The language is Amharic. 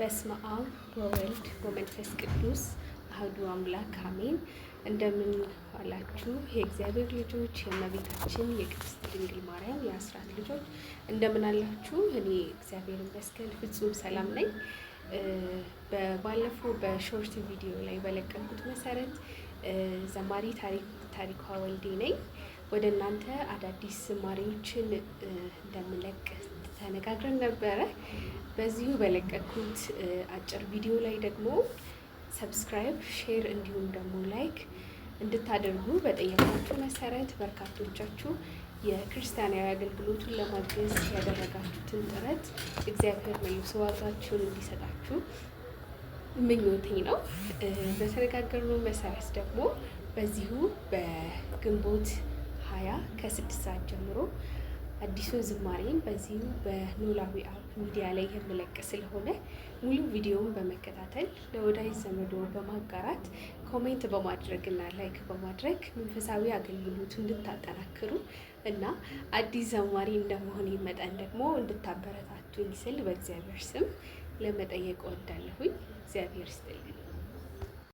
በስመ አብ ወወልድ ወመንፈስ ቅዱስ አህዱ አምላክ አሜን። እንደምን አላችሁ የእግዚአብሔር ልጆች የእመቤታችን የቅድስት ድንግል ማርያም የአስራት ልጆች እንደምን አላችሁ? እኔ እግዚአብሔር ይመስገን ፍጹም ሰላም ነኝ። ባለፈው በሾርት ቪዲዮ ላይ በለቀቁት መሰረት ዘማሪ ታሪኳ ወልዴ ነኝ። ወደ እናንተ አዳዲስ ዝማሬዎችን እንደምለቅ ተነጋግረን ነበረ። በዚሁ በለቀኩት አጭር ቪዲዮ ላይ ደግሞ ሰብስክራይብ፣ ሼር እንዲሁም ደግሞ ላይክ እንድታደርጉ በጠየቃችሁ መሰረት በርካቶቻችሁ የክርስቲያናዊ አገልግሎቱን ለማገዝ ያደረጋችሁትን ጥረት እግዚአብሔር መልሶ ዋጋችሁን እንዲሰጣችሁ ምኞቴ ነው። በተነጋገርነው መሰረት ደግሞ በዚሁ በግንቦት ሀያ ከስድስት ሰዓት ጀምሮ አዲሱ ዝማሬን በዚሁ በኖላዊ አፕ ሚዲያ ላይ የምለቅ ስለሆነ ሙሉ ቪዲዮውን በመከታተል ለወዳጅ ዘመዶ በማጋራት ኮሜንት በማድረግ እና ላይክ በማድረግ መንፈሳዊ አገልግሎቱ እንድታጠናክሩ እና አዲስ ዘማሪ እንደመሆን መጠን ደግሞ እንድታበረታቱኝ ስል በእግዚአብሔር ስም ለመጠየቅ ወዳለሁኝ። እግዚአብሔር ይስጥልኝ።